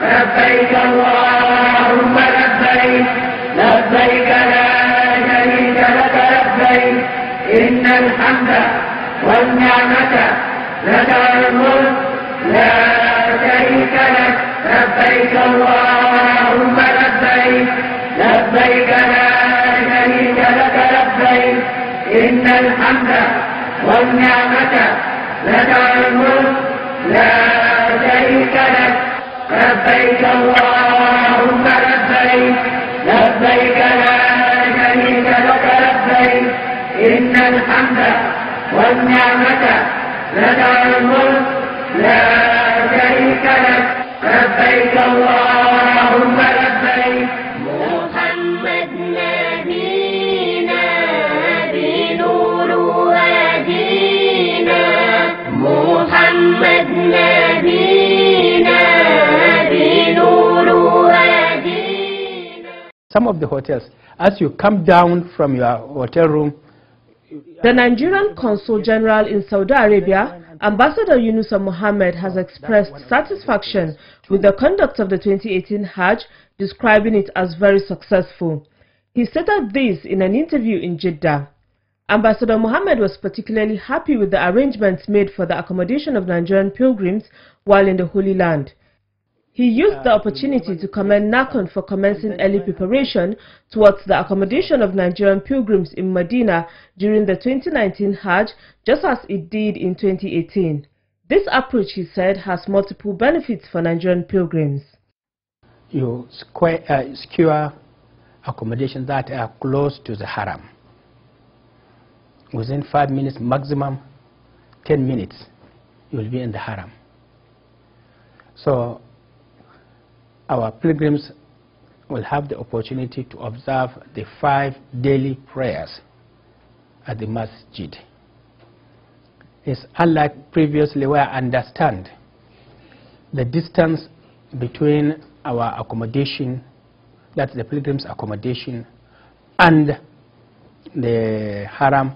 لبيك اللهم لبيك لبيك لا شريك لك لبيك إن الحمد والنعمة لك الملك لا شريك لك لبيك اللهم لبيك لبيك لا شريك لك لبيك إن الحمد والنعمة لك الملك لا شريك لك لبيك اللهم لبيك لبيك لا شريك لك لبيك إن الحمد والنعمة الملك لا شريك لك لبيك اللهم some of the hotels, as you come down from your hotel room. The Nigerian Consul General in Saudi Arabia, Ambassador Yunusa Mohammed, has expressed satisfaction with the conduct of the 2018 Hajj, describing it as very successful. He stated this in an interview in Jeddah. Ambassador Mohammed was particularly happy with the arrangements made for the accommodation of Nigerian pilgrims while in the Holy Land. He used the uh, opportunity to commend Nakon for commencing early preparation towards the accommodation of Nigerian pilgrims in Medina during the 2019 Hajj, just as it did in 2018. This approach, he said, has multiple benefits for Nigerian pilgrims. You square, uh, secure accommodations that are close to the haram, within five minutes maximum, 10 minutes, you'll be in the haram. So our pilgrims will have the opportunity to observe the five daily prayers at the masjid. It's unlike previously where I understand the distance between our accommodation, that's the pilgrim's accommodation, and the haram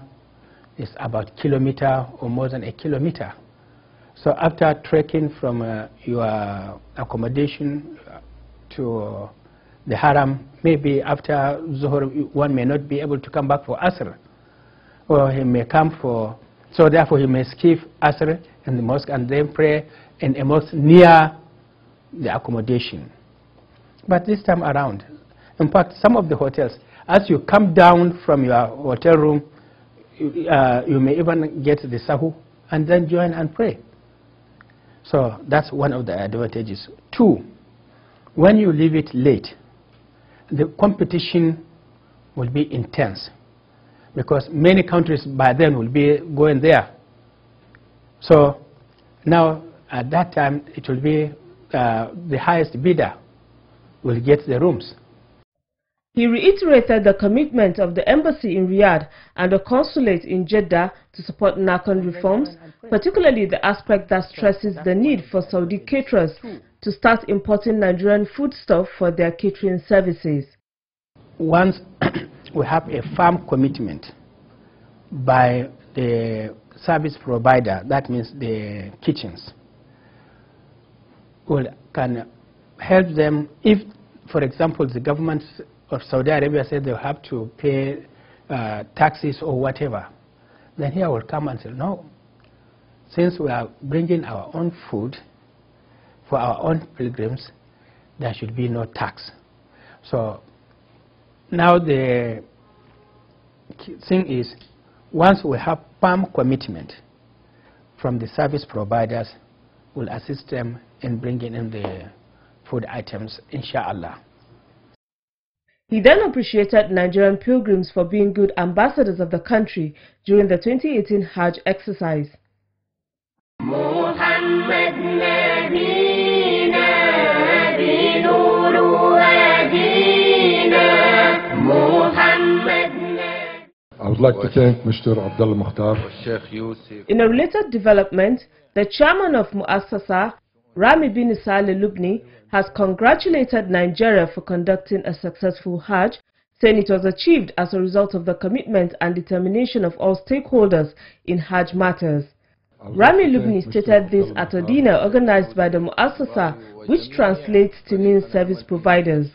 is about a kilometer or more than a kilometer. So after trekking from uh, your accommodation uh, to the haram, maybe after Zuhur one may not be able to come back for Asr. Or he may come for, so therefore he may skip Asr in the mosque and then pray in a mosque near the accommodation. But this time around, in fact, some of the hotels, as you come down from your hotel room, you, uh, you may even get the sahu and then join and pray. So that's one of the advantages. Two, when you leave it late, the competition will be intense because many countries by then will be going there. So now at that time it will be uh, the highest bidder will get the rooms. He reiterated the commitment of the embassy in Riyadh and the consulate in Jeddah to support Nakhon reforms, particularly the aspect that stresses the need for Saudi caterers to start importing Nigerian foodstuff for their catering services. Once we have a firm commitment by the service provider, that means the kitchens, we can help them if for example, the government Saudi Arabia said they'll have to pay uh, taxes or whatever, then here will come and say, no, since we are bringing our own food for our own pilgrims, there should be no tax. So now the thing is, once we have firm commitment from the service providers, we'll assist them in bringing in the food items, inshallah. He then appreciated Nigerian pilgrims for being good ambassadors of the country during the 2018 Hajj exercise. I would like to thank Mr. Abdullah Mukhtar. In a related development, the chairman of Muassasa, Rami bin Saleh Lubni has congratulated Nigeria for conducting a successful Hajj, saying it was achieved as a result of the commitment and determination of all stakeholders in Hajj matters. Rami Lubni stated this at a dinner organized by the Muassasa, which translates to mean service providers.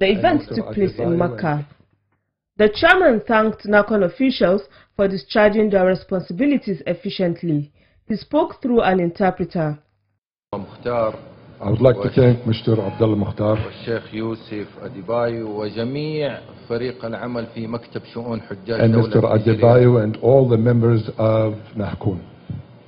The event took place in Makkah. The chairman thanked NACON officials for discharging their responsibilities efficiently. He spoke through an interpreter. مختار I would like to thank Mr. Abdullah Mukhtar والشيخ يوسف أديبايو وجميع فريق العمل في مكتب شؤون حجاج and Mr. دولة and all the members of Nahkun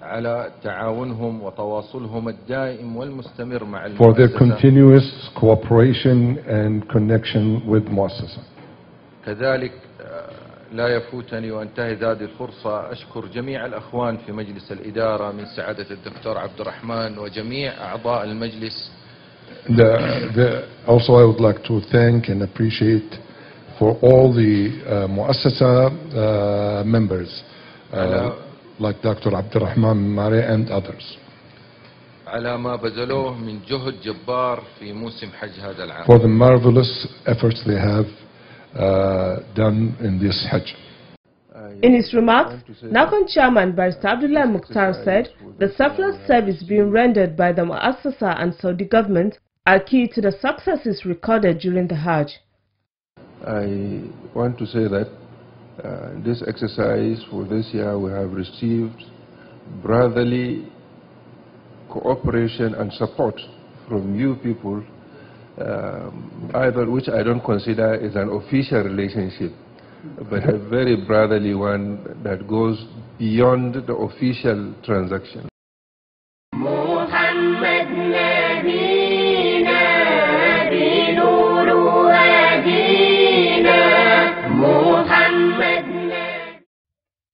على تعاونهم وتواصلهم الدائم والمستمر مع for their continuous cooperation and connection with Muassasa. كذلك لا يفوتني وانتهز هذه الفرصة أشكر جميع الأخوان في مجلس الإدارة من سعادة الدكتور عبد الرحمن وجميع أعضاء المجلس the, the, Also I would like to thank and appreciate for all the uh, مؤسسة uh, members uh, like Dr. عبد الرحمن ماري and others على ما بذلوه من جهد جبار في موسم حج هذا العام for the marvelous efforts they have Uh, done in this Hajj. In his remarks, Nakhon Chairman Barrister Abdullah Mukhtar said the surplus service being rendered by the Muassasa and Saudi government are key to the successes recorded during the Hajj. I want to say that uh, this exercise for this year we have received brotherly cooperation and support from you people um, either which I don't consider is an official relationship, but a very brotherly one that goes beyond the official transaction.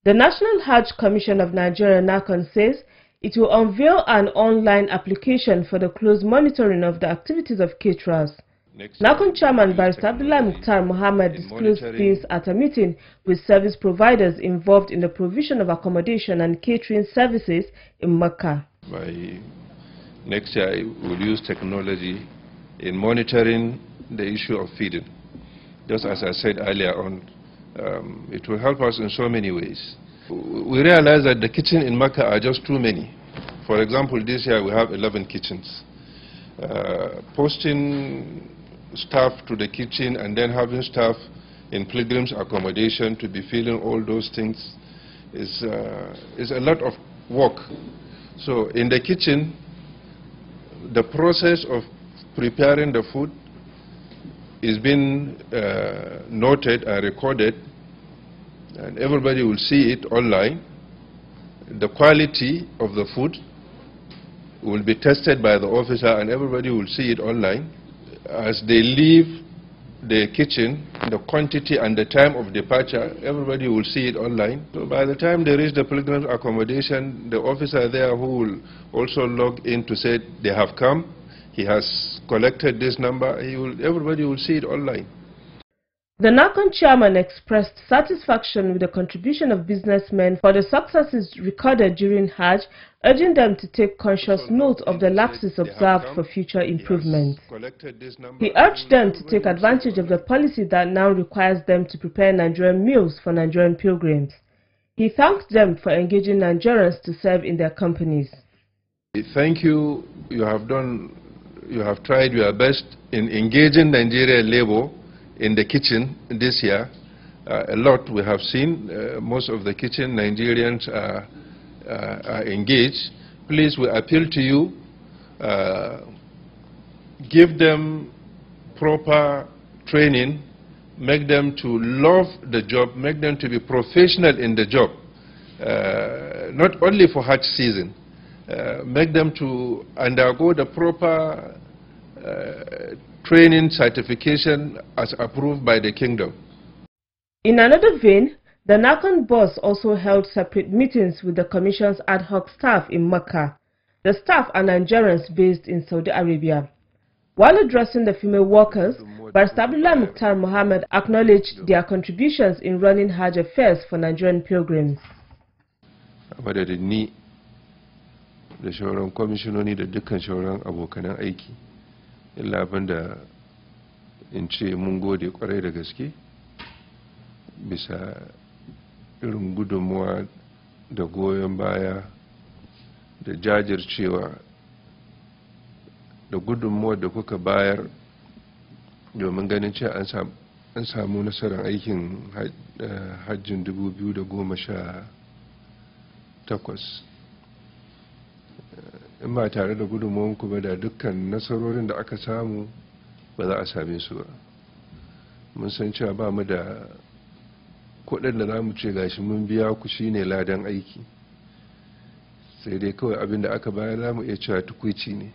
The National Hajj Commission of Nigeria NACON says it will unveil an online application for the close monitoring of the activities of caterers. NACON chairman Barrister Abdullah Mukhtar Mohammed disclosed this at a meeting with service providers involved in the provision of accommodation and catering services in Mecca. By next year, we'll use technology in monitoring the issue of feeding. Just as I said earlier on, um, it will help us in so many ways we realize that the kitchens in Makkah are just too many. For example, this year we have 11 kitchens. Uh, posting staff to the kitchen and then having staff in pilgrims accommodation to be filling all those things is, uh, is a lot of work. So in the kitchen, the process of preparing the food is being uh, noted and recorded and everybody will see it online. The quality of the food will be tested by the officer and everybody will see it online. As they leave the kitchen, the quantity and the time of departure, everybody will see it online. So by the time they reach the pilgrim's accommodation, the officer there who will also log in to say they have come, he has collected this number, will, everybody will see it online. The NACON chairman expressed satisfaction with the contribution of businessmen for the successes recorded during Hajj, urging them to take conscious note of the lapses observed for future improvements. He urged them to take advantage of the policy that now requires them to prepare Nigerian meals for Nigerian pilgrims. He thanked them for engaging Nigerians to serve in their companies. Thank you. You have done, you have tried your best in engaging Nigerian labor in the kitchen this year. Uh, a lot we have seen. Uh, most of the kitchen Nigerians are, uh, are, engaged. Please, we appeal to you, uh, give them proper training, make them to love the job, make them to be professional in the job, uh, not only for hatch season, make them to undergo the proper training certification as approved by the kingdom. In another vein, the Nakan boss also held separate meetings with the commission's ad hoc staff in Mecca. The staff are Nigerians based in Saudi Arabia. While addressing the female workers, Barista Mukhtar Mohammed acknowledged their contributions in running Hajj affairs for Nigerian pilgrims. da sauran illa abinda in ce mun gode kwarai da gaske bisa irin gudunmuwa da goyon baya da jajircewa da gudunmuwa da kuka bayar domin ganin ce an samu nasarar aikin eh, hajjin 2018 in ba tare da gudunmawanku ba da dukkan nasarorin da aka samu ba za a same su ba mun san cewa ba mu da kudin da za mu ce gashi mun biya ku shine ladan aiki sai dai kawai abin da aka bayar za mu iya cewa tukwici ne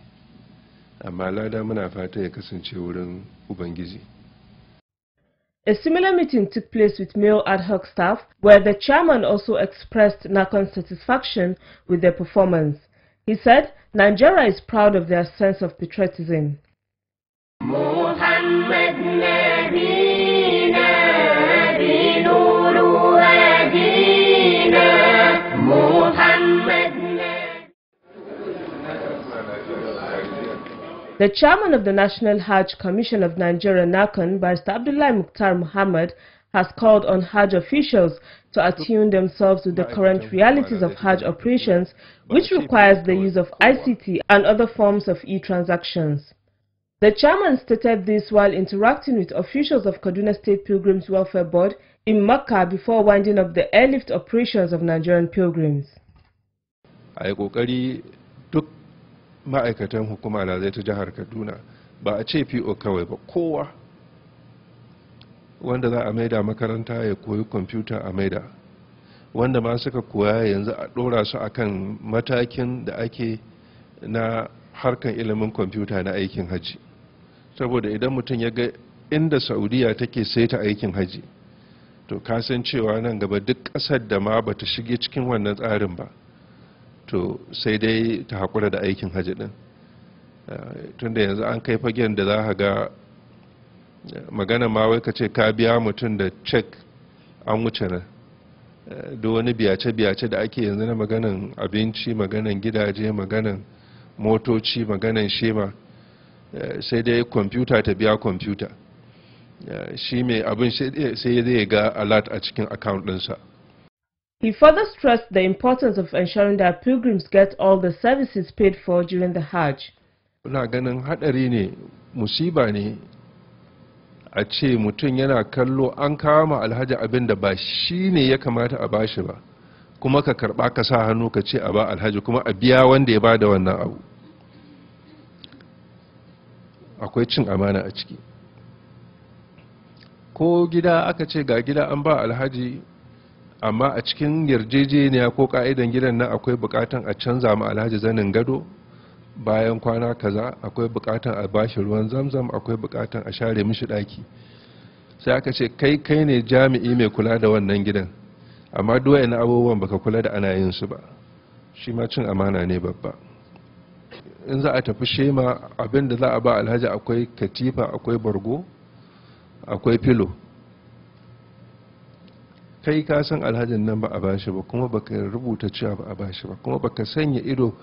amma lada muna fata ya kasance wurin ubangiji A similar meeting took place with male ad hoc staff, where the chairman also expressed Nakon's satisfaction with their performance. He said, Nigeria is proud of their sense of patriotism. The chairman of the National Hajj Commission of Nigeria, Nakan, Barrister Abdullah Mukhtar Muhammad, has called on Hajj officials to attune themselves to the current realities of Hajj operations, which requires the use of ICT and other forms of e-transactions. The chairman stated this while interacting with officials of Kaduna State Pilgrims Welfare Board in Makkah before winding up the airlift operations of Nigerian pilgrims. ma'aikatan hukuma na zai ta jihar kaduna ba a ce po kawai ba kowa wanda za a maida makaranta ya koyi kwamfuta a maida wanda ma suka koya yanzu a ɗora su akan matakin da ake na harkan ilimin kwamfuta na aikin hajji saboda idan mutum ya ga inda saudiya take saita aikin hajji to kasan cewa nan gaba duk ƙasar da ma bata shige cikin wannan tsarin ba to sai dai ta haƙura da aikin hajji din eh, tunda yanzu an kai fagen da za ga magana ma wai ka ce ka biya mutum da cek an wuce nan da wani biyace-biyace da ake yanzu na maganan abinci maganan gidaje maganan motoci maganan shema sai dai kwamfuta ta biya kwamfuta shi mai abin sai zai ga alat a cikin account ɗinsa. He further stressed the importance of ensuring that pilgrims get all the services paid for during the Hajj. Na ganin haɗari ne, musiba ne a ce mutum yana kallo an kama alhaji abin da ba shi ne ya kamata a bashi ba kuma ka karba ka sa hannu ka ce a ba alhaji kuma a biya wanda ya ba da wannan abu akwai cin amana a ciki ko gida aka ce ga gida an ba alhaji amma a cikin yarjejeniya ko ka'idan gidan nan akwai bukatan a canza ma alhaji zanin gado bayan kwana kaza akwai bukatan a bashi ruwan zamzam akwai bukatan a share mishi daki sai aka ce kai kai ne jami'i mai kula da wannan gidan amma duk na abubuwan baka kula da ana yin su ba shi ma cin amana ne babba in za a tafi shema abin da za a ba alhaji akwai katifa akwai bargo akwai filo kai ka san alhajin nan ba a bashi ba kuma baka rubuta cewa ba a bashi ba kuma baka sanya ido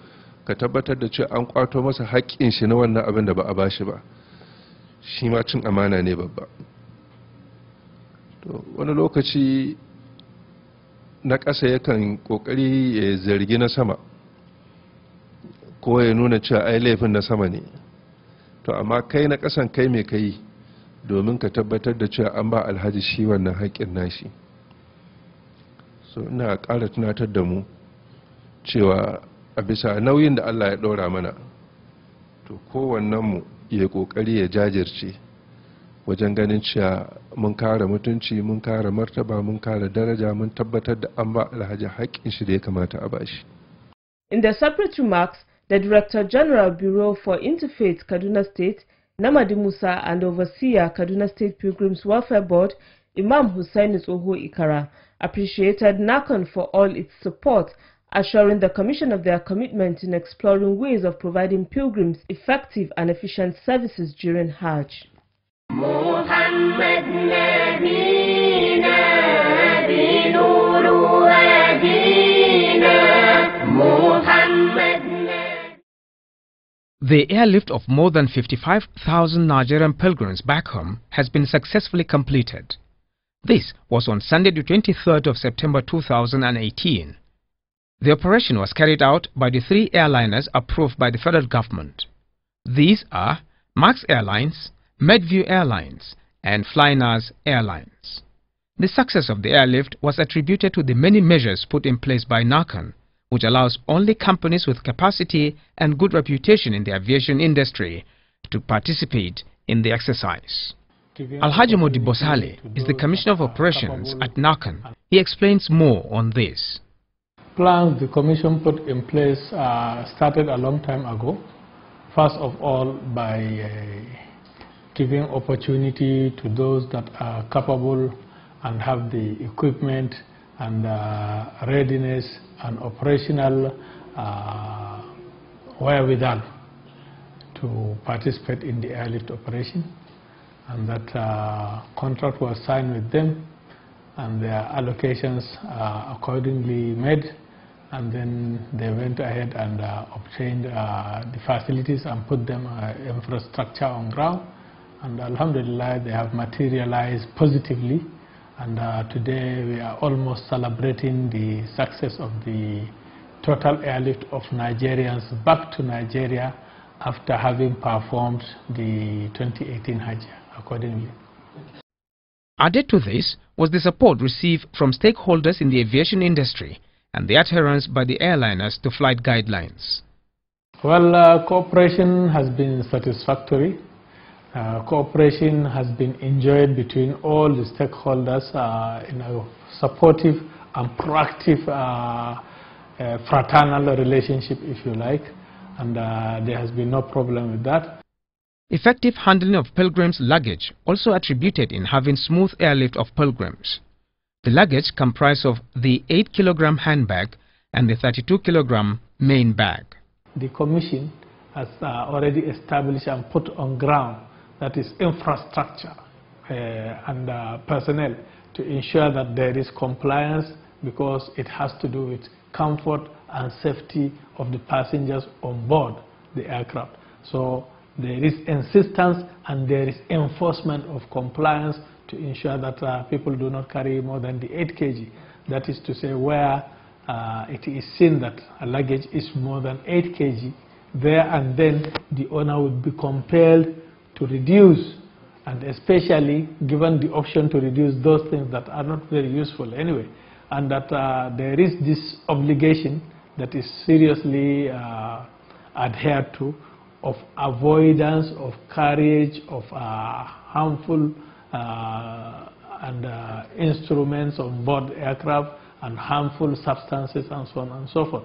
ka tabbatar da cewa an kwato masa haƙƙin shi na wannan abin da ba a bashi ba shi ma cin amana ne babba wani lokaci na ƙasa yakan ƙoƙari ya zargi na sama ko ya nuna cewa ai laifin na sama ne to amma kai na ƙasan kai mai kai domin ka tabbatar da cewa an ba alhaji shi wannan haƙƙin nashi so ina ƙara tunatar da mu cewa a bisa nauyin da allah ya ɗora mana to kowannenmu ya ƙoƙari ya jajirce wajen ganin cewa mun kare mutunci mun kare martaba mun kare daraja mun tabbatar da an ba alhaji haƙƙin shi da ya kamata a bashi. in the separate remarks the director general bureau for interfaith kaduna state namadi musa and overseer kaduna state pilgrims welfare board imam hussaini tsoho ikara appreciated nakan for all its support assuring the Commission of their commitment in exploring ways of providing pilgrims effective and efficient services during Hajj. The airlift of more than 55,000 Nigerian pilgrims back home has been successfully completed. This was on Sunday the 23rd of September 2018. The operation was carried out by the three airliners approved by the federal government. These are Max Airlines, Medview Airlines, and Flynas Airlines. The success of the airlift was attributed to the many measures put in place by Nakan, which allows only companies with capacity and good reputation in the aviation industry to participate in the exercise. Alhaji Modi Bosale is the Commissioner of Operations at Nakan. He explains more on this plans the Commission put in place uh, started a long time ago. First of all, by uh, giving opportunity to those that are capable and have the equipment and uh, readiness and operational uh, wherewithal to participate in the airlift operation. And that uh, contract was signed with them and their allocations accordingly made and then they went ahead and uh, obtained uh, the facilities and put them uh, infrastructure on ground and alhamdulillah they have materialized positively and uh, today we are almost celebrating the success of the total airlift of Nigerians back to Nigeria after having performed the 2018 Hajj accordingly. Added to this was the support received from stakeholders in the aviation industry and the adherence by the airliners to flight guidelines? Well, uh, cooperation has been satisfactory. Uh, cooperation has been enjoyed between all the stakeholders uh, in a supportive and proactive uh, uh, fraternal relationship, if you like, and uh, there has been no problem with that. Effective handling of pilgrims' luggage also attributed in having smooth airlift of pilgrims. The luggage comprised of the 8 kilogram handbag and the 32 kilogram main bag. The Commission has uh, already established and put on ground that is infrastructure uh, and uh, personnel to ensure that there is compliance because it has to do with comfort and safety of the passengers on board the aircraft. So there is insistence and there is enforcement of compliance to ensure that uh, people do not carry more than the 8 kg. That is to say where uh, it is seen that a luggage is more than 8 kg, there and then the owner would be compelled to reduce and especially given the option to reduce those things that are not very useful anyway and that uh, there is this obligation that is seriously uh, adhered to of avoidance of carriage of uh, harmful uh, and uh, instruments on board aircraft and harmful substances and so on and so forth.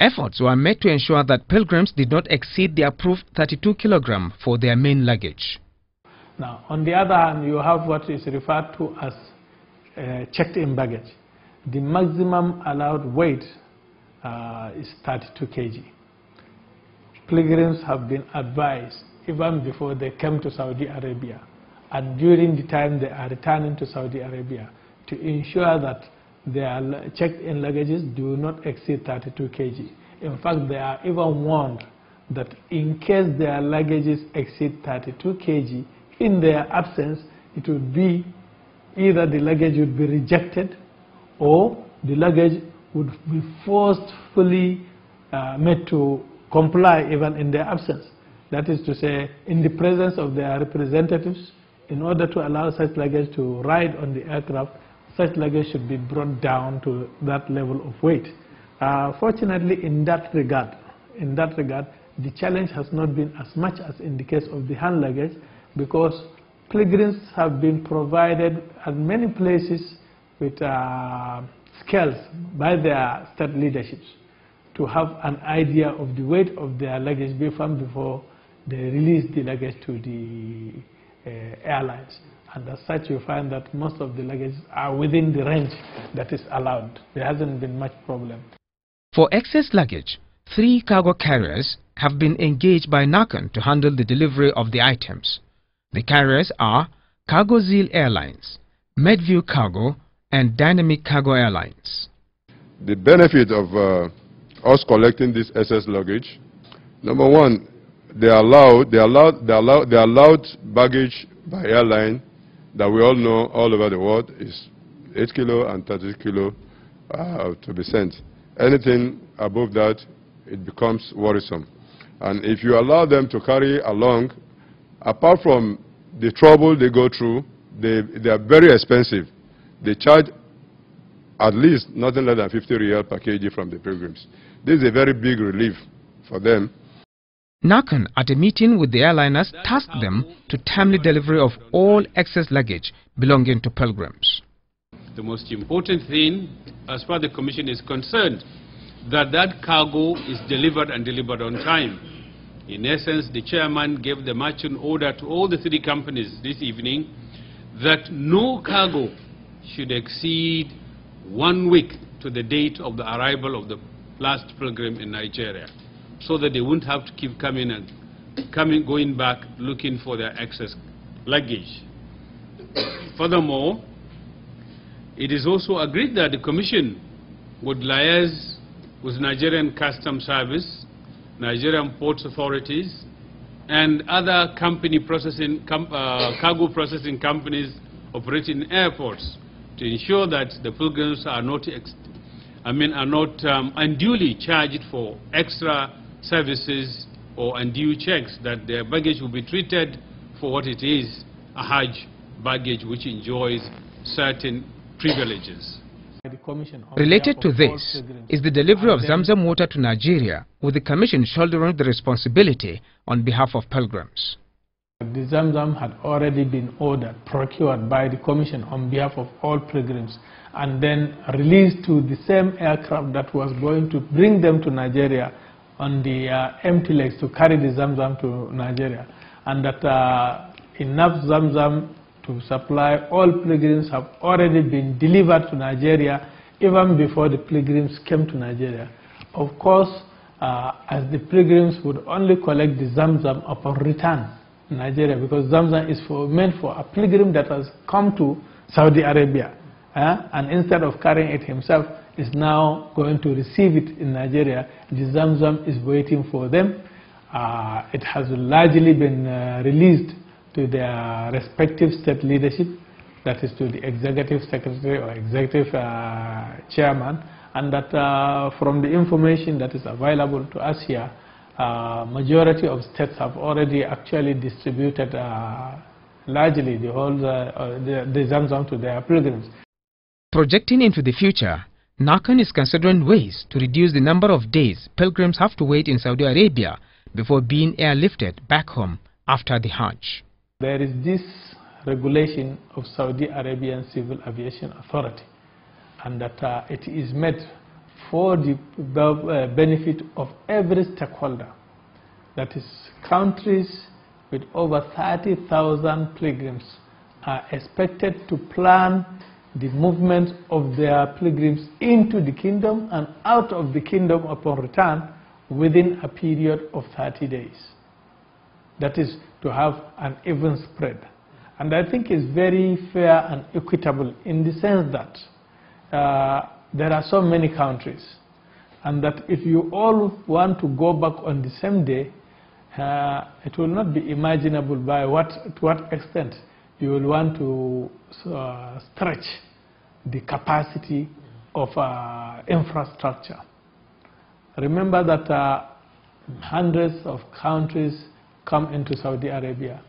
Efforts were made to ensure that pilgrims did not exceed the approved 32 kilogram for their main luggage. Now, on the other hand, you have what is referred to as uh, checked-in baggage. The maximum allowed weight uh, is 32 kg. Pilgrims have been advised, even before they came to Saudi Arabia, and during the time they are returning to Saudi Arabia to ensure that their checked-in luggages do not exceed 32 kg. In fact, they are even warned that in case their luggages exceed 32 kg, in their absence, it would be either the luggage would be rejected or the luggage would be forcefully uh, made to comply even in their absence. That is to say, in the presence of their representatives, in order to allow such luggage to ride on the aircraft, such luggage should be brought down to that level of weight. Uh, fortunately, in that regard, in that regard, the challenge has not been as much as in the case of the hand luggage because pilgrims have been provided at many places with uh, scales by their state leaderships to have an idea of the weight of their luggage before they release the luggage to the uh, airlines. And as such, you find that most of the luggage are within the range that is allowed. There hasn't been much problem. For excess luggage, three cargo carriers have been engaged by Nakan to handle the delivery of the items. The carriers are CargoZeal Airlines, Medview Cargo, and Dynamic Cargo Airlines. The benefit of uh, us collecting this excess luggage, number one, they allowed, they allowed, they allowed, they allowed baggage by airline that we all know all over the world is 8 kilo and 30 kilo uh, to be sent. Anything above that, it becomes worrisome. And if you allow them to carry along, apart from the trouble they go through, they, they are very expensive. They charge at least nothing less than 50 real per kg from the pilgrims. This is a very big relief for them. Nakan, at a meeting with the airliners, tasked them to timely delivery of all excess luggage belonging to pilgrims. The most important thing, as far as the Commission is concerned, that that cargo is delivered and delivered on time. In essence, the chairman gave the marching order to all the three companies this evening that no cargo should exceed one week to the date of the arrival of the last pilgrim in Nigeria so that they wouldn't have to keep coming and coming, going back looking for their excess luggage. Furthermore, it is also agreed that the Commission would liaise with Nigerian Customs Service, Nigerian Ports Authorities, and other company processing, com, uh, cargo processing companies operating in airports to ensure that the pilgrims are not, I mean, are not um, unduly charged for extra services or undue checks that their baggage will be treated for what it is, a Hajj baggage which enjoys certain privileges. Related to this is the delivery of Zamzam water to Nigeria, with the Commission shouldering the responsibility on behalf of pilgrims. The Zamzam had already been ordered, procured by the Commission on behalf of all pilgrims, and then released to the same aircraft that was going to bring them to Nigeria on the uh, empty legs to carry the Zamzam to Nigeria, and that uh, enough Zamzam to supply all pilgrims have already been delivered to Nigeria even before the pilgrims came to Nigeria. Of course, uh, as the pilgrims would only collect the Zamzam upon return to Nigeria because Zamzam is for, meant for a pilgrim that has come to Saudi Arabia. Uh, and instead of carrying it himself, is now going to receive it in Nigeria. The Zamzam is waiting for them. Uh, it has largely been uh, released to their respective state leadership, that is to the executive secretary or executive uh, chairman, and that uh, from the information that is available to us here, uh, majority of states have already actually distributed uh, largely the whole the, the Zamzam to their pilgrims. Projecting into the future, Nakan is considering ways to reduce the number of days pilgrims have to wait in Saudi Arabia before being airlifted back home after the Hajj. There is this regulation of Saudi Arabian Civil Aviation Authority and that uh, it is made for the uh, benefit of every stakeholder, that is countries with over 30,000 pilgrims are expected to plan the movement of their pilgrims into the kingdom and out of the kingdom upon return within a period of 30 days. That is to have an even spread. And I think it's very fair and equitable in the sense that uh, there are so many countries and that if you all want to go back on the same day, uh, it will not be imaginable by what, to what extent you will want to uh, stretch the capacity of uh, infrastructure. Remember that uh, hundreds of countries come into Saudi Arabia.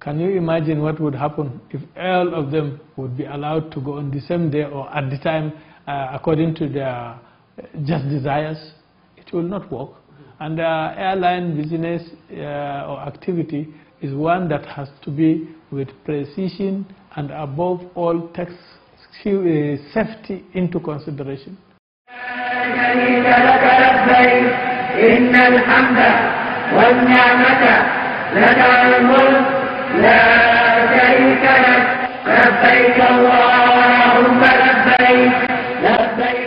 Can you imagine what would happen if all of them would be allowed to go on the same day or at the time uh, according to their uh, just desires? It will not work. And uh, airline business or activity is one that has to be with precision and above all takes eh, safety into consideration. لبيك اللهم لبيك لبيك